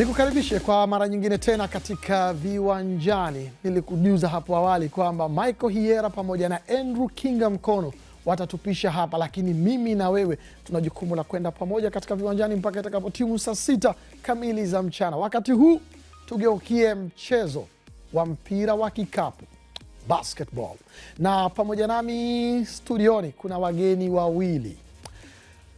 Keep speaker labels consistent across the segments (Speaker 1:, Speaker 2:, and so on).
Speaker 1: Nikukaribishe kwa mara nyingine tena katika Viwanjani. Nilikujuza hapo awali kwamba Michael Hiera pamoja na Andrew Kinga Mkono watatupisha hapa, lakini mimi na wewe tuna jukumu la kwenda pamoja katika Viwanjani mpaka itakapo timu saa sita kamili za mchana. Wakati huu tugeukie mchezo wa mpira wa kikapu basketball, na pamoja nami studioni kuna wageni wawili.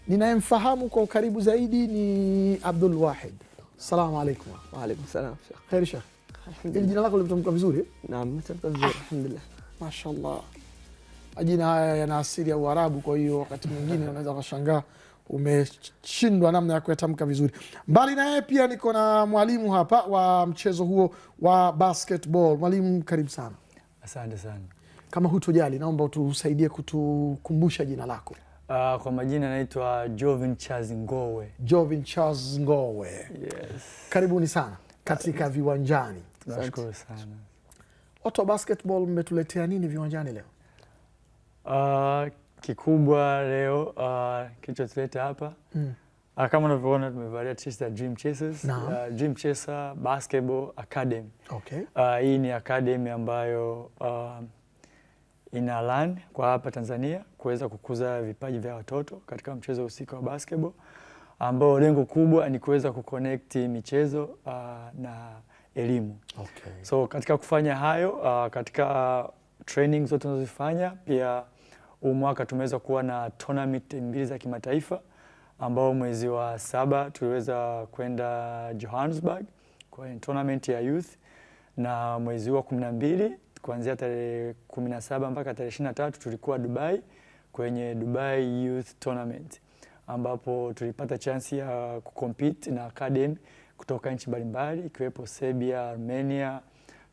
Speaker 1: Ninayemfahamu kwa ukaribu zaidi ni Abdul Wahid Salamu شيخ خير
Speaker 2: alaikum salam Sheikh.
Speaker 1: Kheri Sheikh. Alhamdulillah. Jina lako limetamka vizuri?
Speaker 2: Naam, limetamka vizuri. Alhamdulillah.
Speaker 1: Mashaallah. Majina haya yana asili ya Uarabu, kwa hiyo wakati mwingine unaweza kashangaa umeshindwa namna ya kuyatamka vizuri. Mbali na yeye pia niko na mwalimu hapa wa mchezo huo wa basketball. Mwalimu, karibu sana. Asante sana. Kama hutojali, naomba utusaidie kutukumbusha jina lako.
Speaker 2: Uh, kwa majina anaitwa Jovin Charles Ngowe.
Speaker 1: Jovin Charles Ngowe.
Speaker 2: Yes.
Speaker 1: Karibuni sana katika viwanjani.
Speaker 2: Tunashukuru sana.
Speaker 1: Watu wa basketball mmetuletea nini viwanjani leo?
Speaker 2: Uh, kikubwa leo uh, kilichotuleta hapa mm. Uh, kama unavyoona tumevalia t-shirt ya Dream Chasers. Uh, Dream Chaser Basketball Academy. Okay. Uh, hii ni academy ambayo uh, ina lan kwa hapa Tanzania kuweza kukuza vipaji vya watoto katika mchezo husika wa basketball ambao lengo kubwa ni kuweza kuconnect michezo uh, na elimu. Okay. So katika kufanya hayo uh, katika ah, training zote tunazozifanya pia huu mwaka tumeweza kuwa na tournament mbili za kimataifa ambao mwezi wa saba tuliweza kwenda Johannesburg kwa tournament ya youth na mwezi wa kumi na mbili kuanzia tarehe kumi na saba mpaka tarehe ishirini na tatu tulikuwa Dubai kwenye Dubai Youth Tournament ambapo tulipata chansi ya kucompete na academy kutoka nchi mbalimbali ikiwepo Serbia, Armenia,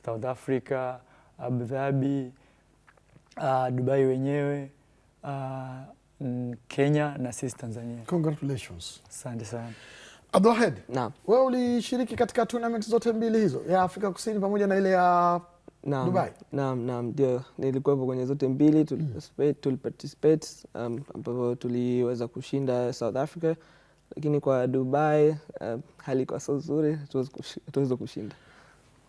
Speaker 2: South Africa, Abu Dhabi, uh, Dubai wenyewe uh, Kenya na sisi Tanzania.
Speaker 1: Congratulations.
Speaker 2: Asante sana.
Speaker 1: Abdulwahid, wewe ulishiriki katika tournament zote mbili hizo ya Afrika Kusini pamoja na ile ya Naam, Dubai.
Speaker 2: Naam, naam, ndio nilikuwepo kwenye zote mbili tuliparticipate, mm. tuli participate um, ambapo tuliweza kushinda South Africa, lakini kwa Dubai um, hali kwa sio nzuri, tuweza kushinda.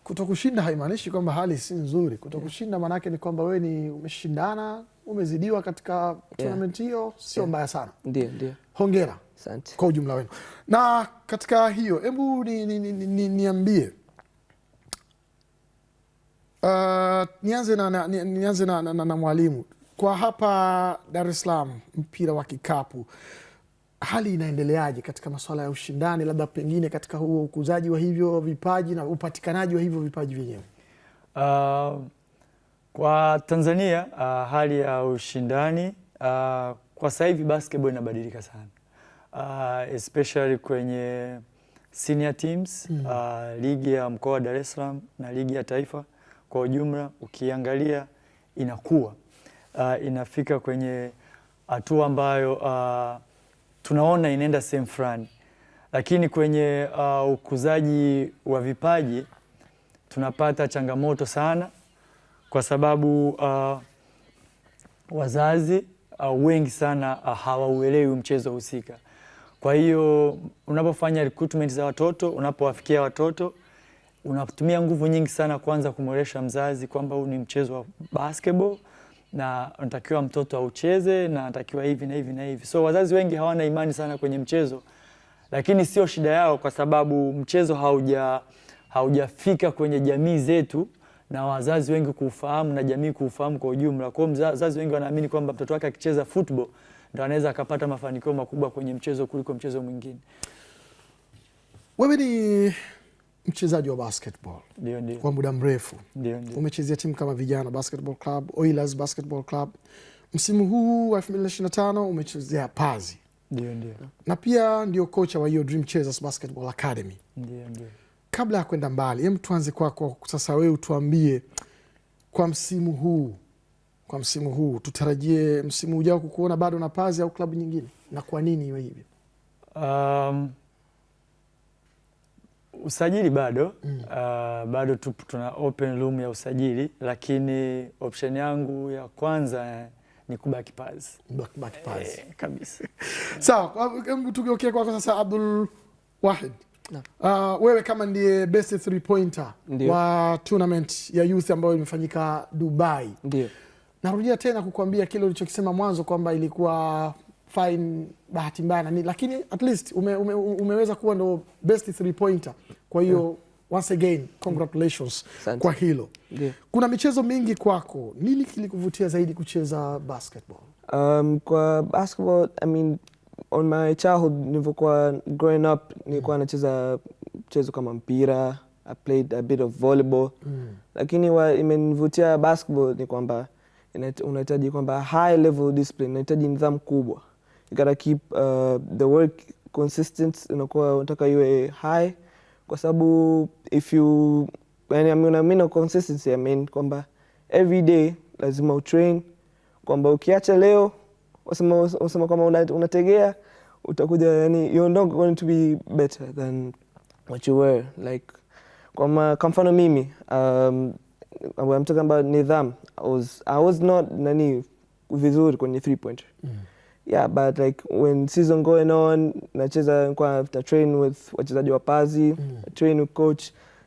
Speaker 1: kuto kushinda haimaanishi kwamba hali si nzuri. kuto yeah. Maanake ni kwamba wewe ni umeshindana, umezidiwa katika tournament hiyo yeah. Sio mbaya sana. Ndio, ndio. Hongera. Asante. Kwa ujumla wenu. Na katika hiyo, hebu niambie ni, ni, ni, ni Uh, nianze na, na, nianze na, na, na, na mwalimu kwa hapa Dar es Salaam, mpira wa kikapu hali inaendeleaje katika masuala ya ushindani, labda pengine katika huo ukuzaji wa hivyo vipaji na upatikanaji wa hivyo vipaji vyenyewe? Uh,
Speaker 2: kwa Tanzania uh, hali ya ushindani uh, kwa sasa hivi basketball inabadilika sana uh, especially kwenye senior teams mm. uh, ligi ya mkoa wa Dar es Salaam na ligi ya taifa kwa ujumla ukiangalia inakuwa uh, inafika kwenye hatua ambayo uh, tunaona inaenda sehemu fulani, lakini kwenye uh, ukuzaji wa vipaji tunapata changamoto sana, kwa sababu uh, wazazi uh, wengi sana uh, hawauelewi mchezo husika. Kwa hiyo unapofanya recruitment za watoto, unapowafikia watoto unatumia nguvu nyingi sana kwanza kumwelesha mzazi kwamba huu ni mchezo wa basketball na natakiwa mtoto aucheze na anatakiwa hivi na hivi na hivi. So wazazi wengi hawana imani sana kwenye mchezo, lakini sio shida yao, kwa sababu mchezo hauja haujafika kwenye jamii zetu na wazazi wengi kuufahamu na jamii kuufahamu kwa ujumla. Kwa hiyo wazazi wengi wanaamini kwamba mtoto wake akicheza football ndo anaweza akapata mafanikio makubwa kwenye mchezo kuliko mchezo mwingine.
Speaker 1: Wewe ni mchezaji wa basketball ndio, ndio. kwa muda mrefu umechezea timu kama Vijana Basketball Club, Oilers Basketball Club. Msimu huu wa 2025 umechezea Pazi ndio, ndio. na pia ndio kocha wa hiyo Dream Chasers Basketball Academy ndio, ndio. Kabla ya kwenda mbali, hem, tuanze kwako sasa. Wewe utuambie kwa msimu huu kwa msimu huu tutarajie msimu ujao kukuona bado na Pazi au klabu nyingine, na kwa nini iwe hivyo? um
Speaker 2: usajili bado mm. Uh, bado tu, tuna open room ya usajili, lakini option yangu ya kwanza ni kubaki Pazi,
Speaker 1: kubaki Pazi Eh, kabisa sawa. Tugeukie kwako sasa, Abdul Wahid. Uh, wewe kama ndiye best three pointer Ndiyo. wa tournament ya youth ambayo imefanyika Dubai Ndiyo. Narudia tena kukuambia kile ulichokisema mwanzo kwamba ilikuwa fine bahati mbaya nani, lakini at least ume, ume, umeweza kuwa ndo best three pointer. Kwa hiyo yeah. Once again congratulations Sante. Kwa hilo yeah. Kuna michezo mingi kwako, nini kilikuvutia zaidi kucheza basketball?
Speaker 2: Um, kwa basketball I mean on my childhood nilivyokuwa growing up nilikuwa mm. nacheza mchezo kama mpira I played a bit of volleyball mm. Lakini imenivutia basketball ni kwamba unahitaji kwamba high level discipline, unahitaji nidhamu kubwa you gotta keep uh, the work consistent, unakuwa unataka iwe high kwa sababu if you yani, I mean, I mean, consistency I mean kwamba every day lazima utrain kwamba ukiacha leo unasema unasema kwamba unategea utakuja yani, you're not going to be better than what you were like kwamba kwa mfano mimi um, I'm talking about nidhamu I was, I was not nani vizuri kwenye three pointer mm yeah but like when season going on nacheza kwa after train with wachezaji wa Pazi mm. train with coach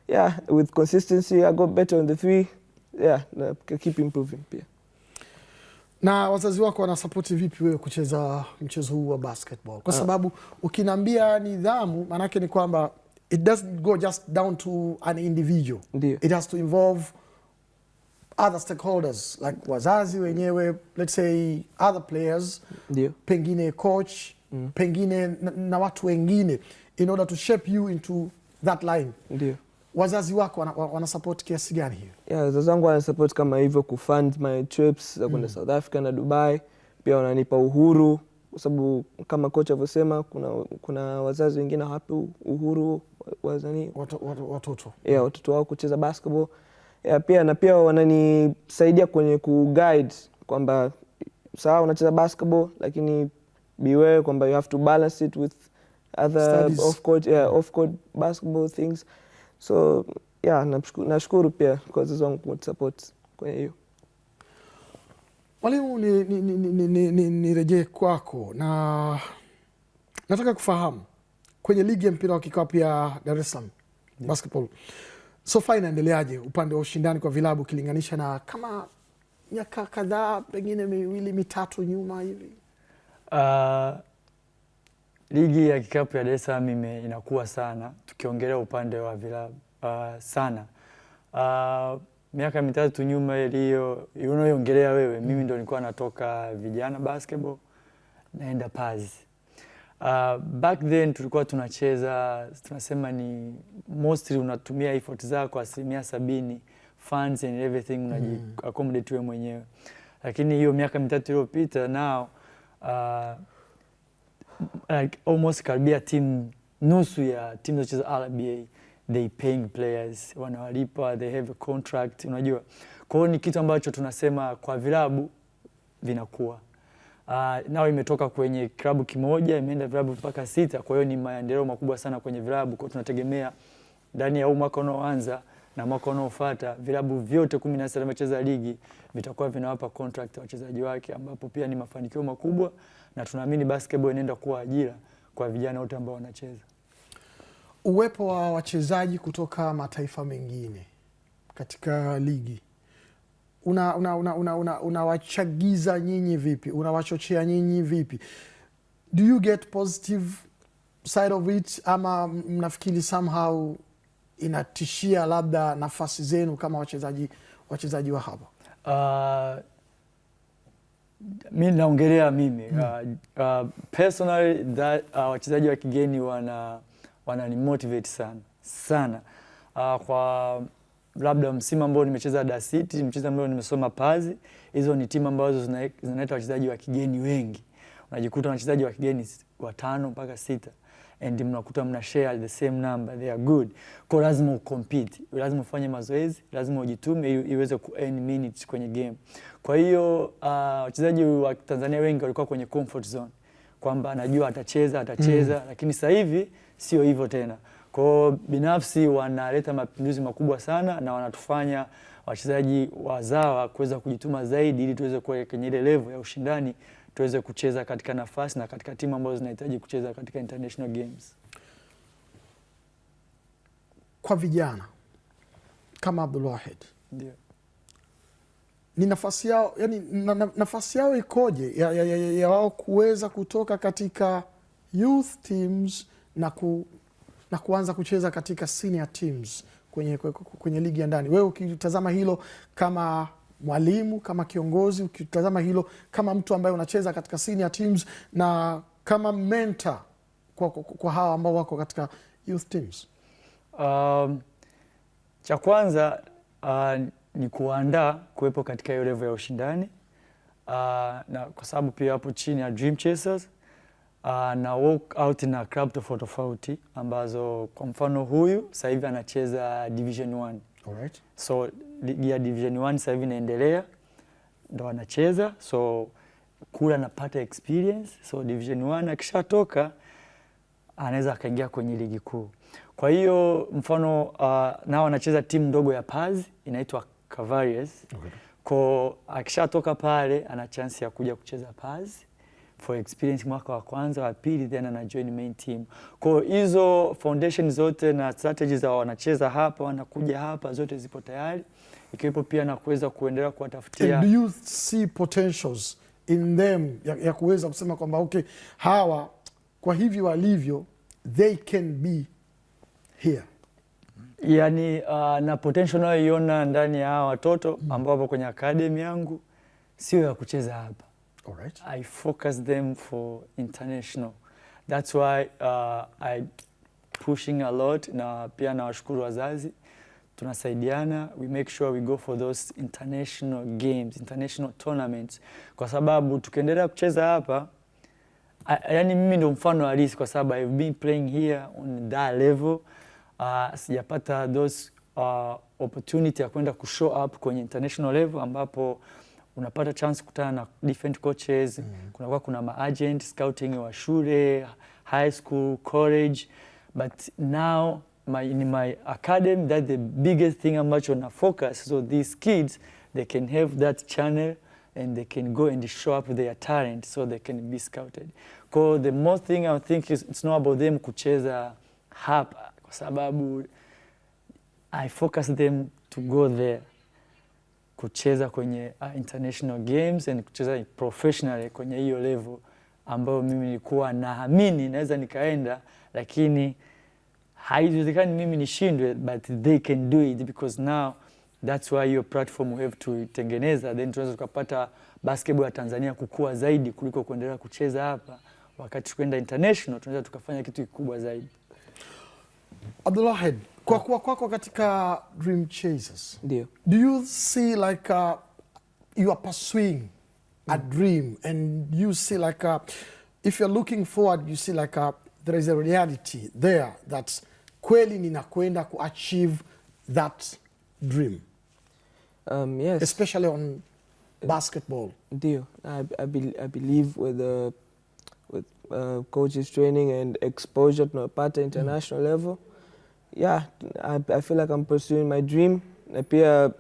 Speaker 2: yeah with consistency I got better on the three yeah na keep improving pia.
Speaker 1: Na wazazi wako wanasapoti vipi wewe kucheza mchezo huu wa basketball? Kwa ah. sababu ukiniambia nidhamu, maanake ni kwamba it doesn't go just down to an individual. Ndiyo. It has to involve other stakeholders like wazazi wenyewe, let's say other players Dio. pengine coach mm. pengine na, na watu wengine in order to shape you into that line Dio. Wazazi wako wanasupport wana kiasi gani hiyo?
Speaker 2: Yeah, wazazi wangu wanasupport kama hivyo kufund my trips za kwenda mm. South Africa na Dubai, pia wananipa uhuru kwa sababu kama coach alivyosema, kuna, kuna wazazi wengine hawapi uhuru wazani watoto yeah, watoto wao kucheza basketball yeah, pia na pia wananisaidia kwenye kuguide kwamba sawa, unacheza basketball lakini beware kwamba you have to balance it with other off court, yeah, off court basketball things so yeah, nashukuru pia kozi zangu kunisupport kwenye hiyo.
Speaker 1: Mwalimu, nirejee ni, ni, ni, ni, ni kwako na nataka kufahamu kwenye ligi ya mpira wa kikapu ya Dar es Salaam mm. basketball sofa inaendeleaje upande wa ushindani kwa vilabu ukilinganisha na kama miaka kadhaa pengine miwili mitatu nyuma hivi? Uh,
Speaker 2: ligi ya kikapu ya Dar es Salaam ime inakuwa sana, tukiongelea upande wa vilabu uh, sana uh, miaka mitatu nyuma iliyo unayoongelea wewe, mimi ndo nilikuwa natoka vijana basketball naenda Pazi Uh, back then tulikuwa tunacheza tunasema ni mostly unatumia effort zako asilimia sabini, funds and everything mm-hmm. unaji accommodate wewe mwenyewe, lakini hiyo miaka mitatu iliyopita now uh, like almost karibia timu nusu ya timu zinazocheza RBA they paying players, wanawalipa they have a contract, unajua. Kwa hiyo ni kitu ambacho tunasema kwa vilabu vinakuwa Uh, nao imetoka kwenye klabu kimoja imeenda vilabu mpaka sita. Kwa hiyo ni maendeleo makubwa sana kwenye vilabu, kwa tunategemea ndani ya huu mwaka unaoanza na mwaka unaofuata vilabu vyote kumi na sita vinavyocheza ligi vitakuwa vinawapa contract wachezaji wake, ambapo pia ni mafanikio makubwa, na tunaamini basketball inaenda kuwa ajira kwa vijana wote ambao wanacheza.
Speaker 1: Uwepo wa wachezaji kutoka mataifa mengine katika ligi unawachagiza una, una, una, una nyinyi vipi? Unawachochea nyinyi vipi? Do you get positive side of it, ama mnafikiri somehow inatishia labda nafasi zenu kama wachezaji wachezaji wa hapa? Uh,
Speaker 2: mi naongelea mimi mm. uh, uh, personally that uh, wachezaji wa kigeni wana wananimotivate sana sana uh, kwa labda msimu ambao nimecheza Dar City, mchezo ambao nimesoma Pazi, hizo ni timu ambazo zinaleta wachezaji wa kigeni wengi. Unajikuta na wachezaji wa kigeni watano mpaka sita and mnakuta mna share the same number, they are good. Kwa lazima ucompete, lazima ufanye mazoezi, lazima ujitume iweze ku earn minutes kwenye game. Kwa hiyo ah, wachezaji uh, wa Tanzania wengi walikuwa kwenye comfort zone kwamba anajua atacheza atacheza, mm. Lakini sasa hivi sio hivyo tena. Kwao binafsi wanaleta mapinduzi makubwa sana na wanatufanya wachezaji wazawa kuweza kujituma zaidi ili tuweze kuwa kwenye ile level ya ushindani, tuweze kucheza katika nafasi na katika timu ambazo zinahitaji kucheza katika international games.
Speaker 1: Kwa vijana kama Wahid, ndio ni nafasi yao, yani na, na, nafasi yao ikoje ya wao kuweza kutoka katika youth teams na ku na kuanza kucheza katika senior teams kwenye, kwenye ligi ya ndani. Wewe ukitazama hilo kama mwalimu, kama kiongozi, ukitazama hilo kama mtu ambaye unacheza katika senior teams na kama mentor kwa, kwa, kwa hawa ambao wako katika youth teams. Um,
Speaker 2: cha kwanza uh, ni kuandaa kuwepo katika hiyo level ya ushindani uh, na kwa sababu pia hapo chini ya Dream Chasers uh, na walk out na club tofauti tofauti ambazo kwa mfano huyu sasa hivi anacheza division 1. Alright. So ligi ya division 1 sasa hivi inaendelea ndo anacheza so kula anapata experience so division 1 akishatoka anaweza akaingia kwenye ligi kuu. Kwa hiyo mfano uh, nao anacheza timu ndogo ya Paz inaitwa Cavaliers. Okay. Kwa akishatoka pale ana chance ya kuja kucheza Paz for experience mwaka wa kwanza wa pili, then ana join main team. Kwa hizo foundation zote na strategies za wanacheza hapa wanakuja hapa zote zipo tayari, ikiwepo pia na kuweza kuendelea kuwatafutia.
Speaker 1: Do you see potentials in them ya, ya kuweza kusema kwamba okay, hawa kwa hivi walivyo they can be here
Speaker 2: yani uh, na potential nayoiona ndani ya hawa watoto mm. ambao wapo kwenye akademi yangu sio ya kucheza hapa All right. I focus them for international. That's why uh, I pushing a lot na pia na washukuru wazazi tunasaidiana, we make sure we go for those international games, international tournaments, kwa sababu tukiendelea kucheza hapa, yani mimi ndo mfano halisi, kwa sababu I've been playing here on that level uh, sijapata those uh, opportunity ya kwenda kushow up kwenye international level ambapo unapata chance kukutana na different coaches mm -hmm. Kunakuwa kuna maagent scouting wa shule, high school, college but now my, in my academy that the biggest thing ambacho na focus so these kids they can have that channel and they can go and show up their talent so they can be scouted. ko the most thing I think is it's not about them kucheza hapa kwa sababu I focus them to go there kucheza kwenye uh, international games and kucheza professionally kwenye hiyo level ambayo mimi nilikuwa naamini naweza nikaenda, lakini haiwezekani mimi nishindwe, but they can do it because now that's why your platform we have to tengeneza, then tunaweza tukapata basketball ya Tanzania kukua zaidi kuliko kuendelea kucheza hapa. Wakati tukwenda international, tunaweza tukafanya kitu kikubwa zaidi.
Speaker 1: Abdulwahid kwa kuwa kwako katika Dream Chasers, ndio, do you see like a, you are pursuing a mm. dream and you see like a, if you're looking forward you see like a, there is a reality there that kweli ninakwenda ku achieve that dream um, yes. especially on uh, basketball
Speaker 2: ndio I, I, be, I believe with the, with uh, coaches training and exposure tunapata international mm. level yeah, I, I feel like I'm pursuing my dream na pia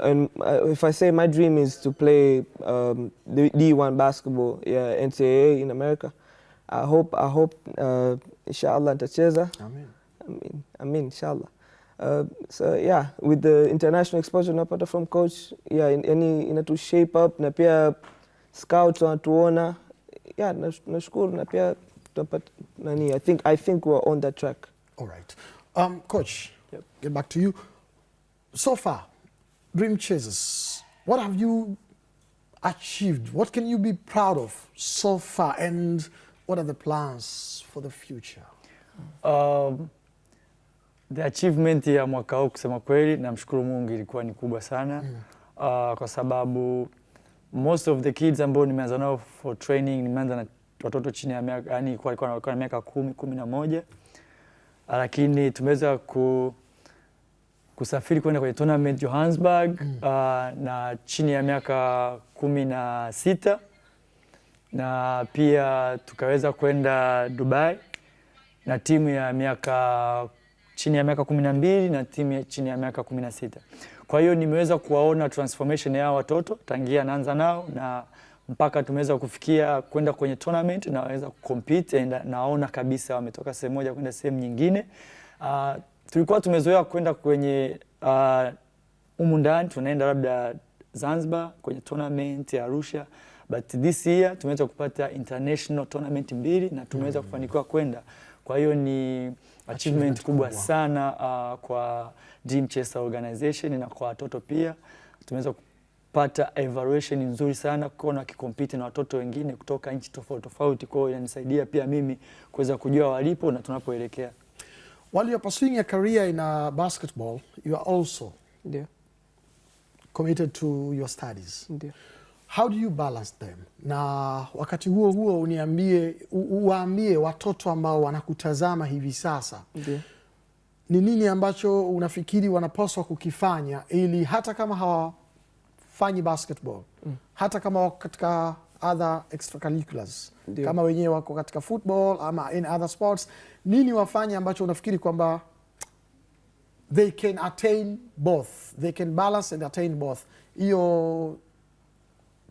Speaker 2: um, if I say my dream is to play um, D1 basketball yeah, NCAA in America I hope, I hope uh, inshallah nitacheza Amen. Amin, Amin inshallah uh, so yeah with the international exposure unapata from coach yeah, yani in, inatu shape up na pia scouts wanatuona yeah nashukuru na pia tunapata nani I think, I think we're on that track
Speaker 1: All right. Um, Coach, yep. get back to you. So far, Dream Chasers, what have you achieved? What can you be proud of so far? And what are the plans for the future? Um,
Speaker 2: the achievement ya mwaka huu kusema kweli, namshukuru Mungu ilikuwa ni kubwa sana mm. Uh, kwa sababu most of the kids ambao nimeanza nao for training nimeanza na watoto chini ya miaka yani, walikuwa na miaka kumi kumi na moja lakini tumeweza ku, kusafiri kwenda kwenye tournament Johannesburg mm. uh, na chini ya miaka kumi na sita na pia tukaweza kwenda Dubai na timu ya miaka chini ya miaka kumi na mbili na timu ya chini ya miaka kumi na sita. Kwa hiyo nimeweza kuwaona transformation ya watoto tangia naanza nao na mpaka tumeweza kufikia kwenda kwenye tournament na waweza compete and naona kabisa wametoka sehemu moja kwenda sehemu nyingine. Uh, tulikuwa tumezoea kwenda kwenye ah, humu uh, ndani tunaenda labda Zanzibar kwenye tournament ya Arusha but this year tumeweza kupata international tournament mbili na tumeweza mm -hmm. kufanikiwa kwenda, kwa hiyo ni achievement, achievement kubwa sana uh, kwa Dream Chasers organization na kwa watoto pia tumeweza pata evaluation nzuri sana kuona kikompiti na watoto wengine kutoka nchi tofauti tofauti. Kwa hiyo inanisaidia pia mimi kuweza kujua walipo na tunapoelekea.
Speaker 1: While you're pursuing a career in a uh, basketball, you are also Ndiyo. committed to your studies. Ndiyo. How do you balance them? Na wakati huo huo uniambie, uwaambie watoto ambao wanakutazama hivi sasa Ndiyo ni nini ambacho unafikiri wanapaswa kukifanya ili hata kama hawa hawafanyi basketball mm. hata kama wako katika other extracurriculars Ndiyo. kama wenyewe wako katika football ama in other sports, nini wafanye ambacho unafikiri kwamba they can attain both, they can balance and attain both hiyo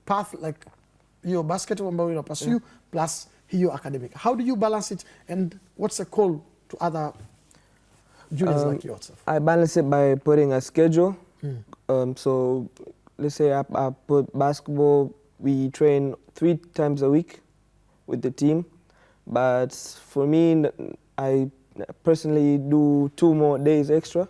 Speaker 1: path like hiyo basketball ambayo ina pursue yeah. plus hiyo academic, how do you balance it and what's a call to other juniors um, like yourself?
Speaker 2: I balance it by putting a schedule mm. um, so let's say I, I put basketball, we train three times a week with the team. But for me, I personally do two more days extra,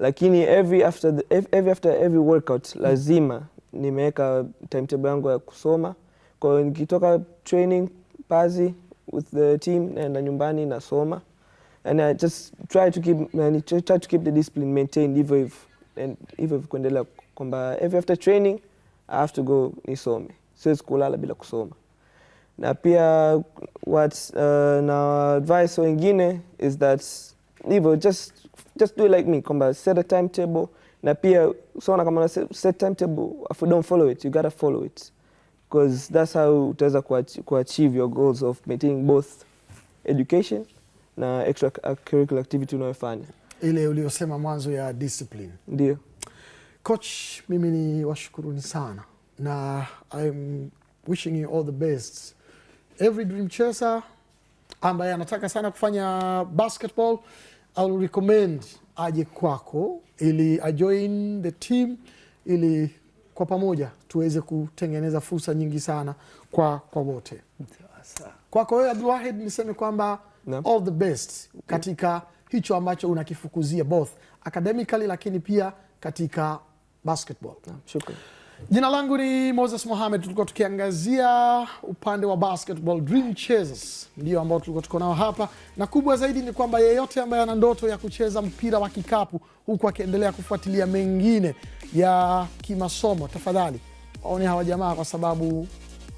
Speaker 2: lakini every after, the, every, after every workout lazima nimeweka timetable yangu ya kusoma. Kwa hiyo nikitoka training pazi with the team naenda nyumbani nasoma and I just try to keep, try to keep the discipline maintained hivyo hivyo kuendelea kwamba every after training I have to go nisome, siwezi kulala bila kusoma. Na pia what uh, na advice wengine is that hivyo just, just do it like me kwamba set a timetable na pia usiona kama una set timetable if you don't follow it you gotta follow it because that's how utaweza kuachieve your goals of maintaining both education na extra curricular activity unayofanya,
Speaker 1: ile uliyosema mwanzo ya discipline, ndio. Coach, mimi ni washukuruni sana na I'm wishing you all the best. Every dream chaser ambaye anataka sana kufanya basketball, will recommend aje kwako ili ajoin the team ili kwa pamoja tuweze kutengeneza fursa nyingi sana kwa kwa wote. Kwako wewe Abdulwahid, niseme kwamba all the best katika hicho ambacho unakifukuzia both academically, lakini pia katika basketball. shukrani. Jina langu ni Moses Mohamed. Tulikuwa tukiangazia upande wa basketball, Dream Chasers ndio ambao tulikuwa tuko nao hapa, na kubwa zaidi ni kwamba yeyote ambaye ana ndoto ya kucheza mpira wa kikapu huku akiendelea kufuatilia mengine ya kimasomo, tafadhali waone hawa jamaa, kwa sababu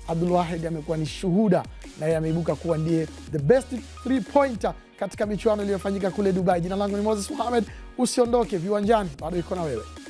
Speaker 1: Abdul Wahid amekuwa ni shuhuda na yeye ameibuka kuwa ndiye the best three pointer katika michuano iliyofanyika kule Dubai. Jina langu ni Moses Mohamed, usiondoke viwanjani, bado iko na wewe.